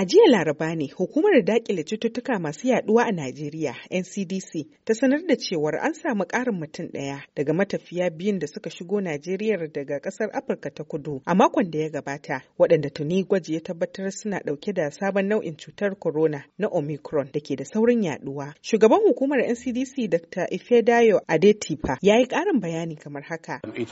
A jiya Laraba ne hukumar dakile cututtuka masu yaduwa a Najeriya NCDC ta sanar da cewar an samu ƙarin mutum ɗaya daga matafiya biyun da suka shigo Najeriya daga ƙasar Afirka ta kudu a makon da ya gabata waɗanda tuni gwaji ya tabbatar suna ɗauke da sabon nau'in cutar corona na Omicron da ke da saurin yaduwa. Shugaban hukumar NCDC Dr. Ifedayo Adetipa ya yi ƙarin bayani kamar haka. Uh,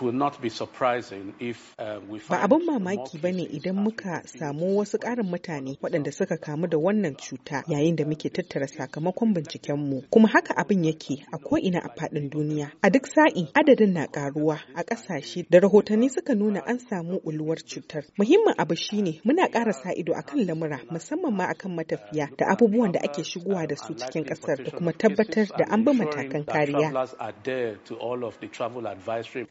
ba abin mamaki ba ne idan muka samu wasu ƙarin mutane waɗanda suka kamu da wannan cuta yayin da muke tattara sakamakon binciken mu. kuma haka abin yake a ko'ina a faɗin duniya a duk sa'i adadin na ƙaruwa a ƙasashe da rahotanni suka nuna an samu uluwar cutar muhimmin abu shine muna ƙara sa ido akan lamura musamman ma akan matafiya da abubuwan da ake shigowa da su cikin ƙasar da kuma tabbatar da an bi matakan kariya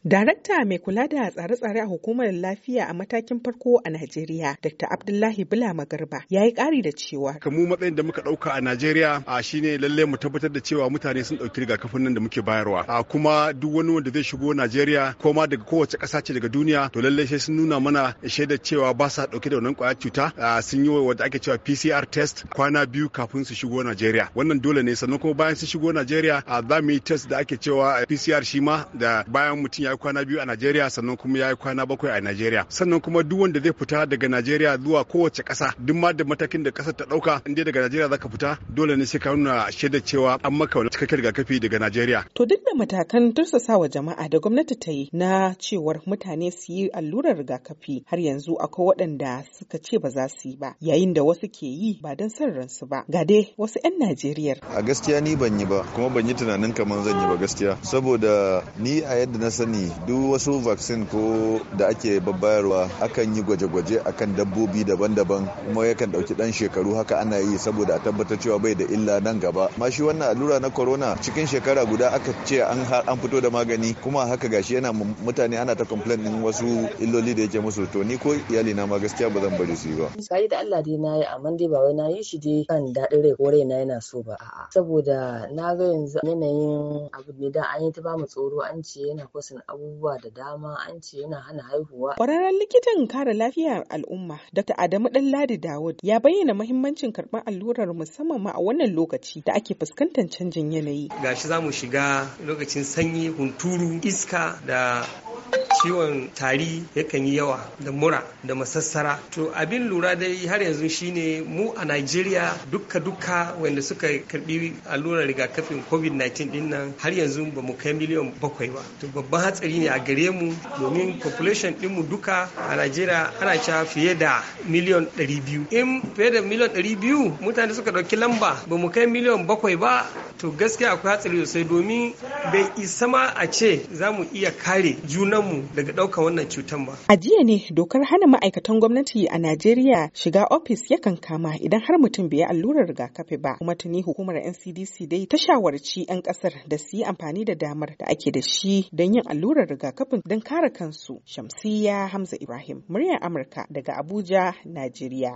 darakta mai kula da tsare-tsare a hukumar lafiya a matakin farko a najeriya dr abdullahi bula magarba ya yi ƙari da cewa. Kamu matsayin da muka ɗauka a Najeriya a shine lalle mu tabbatar da cewa mutane sun ɗauki rigakafin nan da muke bayarwa. A kuma duk wani wanda zai shigo Najeriya ko ma daga kowace ƙasa ce daga duniya to lalle sai sun nuna mana shaidar cewa ba sa ɗauke da wannan ƙwayar cuta sun yi wanda ake cewa PCR test kwana biyu kafin su shigo Najeriya. Wannan dole ne sannan kuma bayan su shigo Najeriya za mu yi test da ake cewa PCR shi ma da bayan mutum ya yi kwana biyu a Najeriya sannan kuma ya yi kwana bakwai a Najeriya. Sannan kuma duk wanda zai fita daga Najeriya zuwa kowace ƙasa duk ma da matakin da kasar ta dauka dai daga Najeriya zaka fita dole ne sai ka nuna shaidar cewa an maka cikakken rigakafi daga Najeriya. To duk da matakan wa jama'a da gwamnati ta yi na cewar mutane su yi allurar rigakafi har yanzu akwai waɗanda suka ce ba za su yi ba yayin da wasu ke yi ba don son ransu ba ga dai wasu 'yan Najeriya. A gaskiya ni ban yi ba kuma ban yi tunanin kamar zan yi ba gaskiya saboda ni a yadda na sani duk wasu vaccine ko da ake babbayarwa akan yi gwaje-gwaje akan dabbobi daban-daban kuma yakan dauki dan shekaru haka ana yi saboda a tabbatar cewa bai da illa nan gaba ma shi wannan allura na corona cikin shekara guda aka ce an an fito da magani kuma haka gashi yana mutane ana ta complain din wasu illoli da yake musu to ni ko iyali na ma gaskiya ba zan bari su yi ba sai da Allah dai nayi amma dai ba wai na yi shi dai kan daɗi rai ko raina yana so ba a'a saboda na ga yanzu yanayin abu ne da an yi ta bamu tsoro an ce yana kwasan abubuwa da dama an ce yana hana haihuwa kwararren likitan kare lafiyar al'umma Dr. Adamu ladi Dawud ya bayyana muhimmancin karɓar allurar musamman ma a wannan lokaci da ake fuskantar canjin yanayi. Gashi za mu shiga lokacin sanyi, hunturu, iska da ciwon tari yakan yi yawa da mura da masassara to abin lura dai har yanzu shine mu a Najeriya duka-duka wanda suka karbi allurar rigakafin covid-19 din nan har yanzu ba mu kai miliyan bakwai ba to babban hatsari ne a gare mu domin population din mu duka a Najeriya ana cewa fiye da miliyan 200 in fiye da miliyan 200 mutane suka dauki lamba ba mu kai miliyan bakwai ba to gaskiya akwai hatsari sosai domin bai isa ma a ce za mu iya kare junanmu daga ɗaukar wannan cutar ba. A jiya ne dokar hana ma'aikatan gwamnati a Najeriya shiga ofis yakan kama idan har mutum bai yi allurar rigakafi ba. Kuma tuni hukumar NCDC dai ta shawarci 'yan ƙasar da su yi amfani da damar da ake da shi don yin allurar rigakafin don kare kansu. Shamsiya Hamza Ibrahim, muryar Amurka daga Abuja, Najeriya.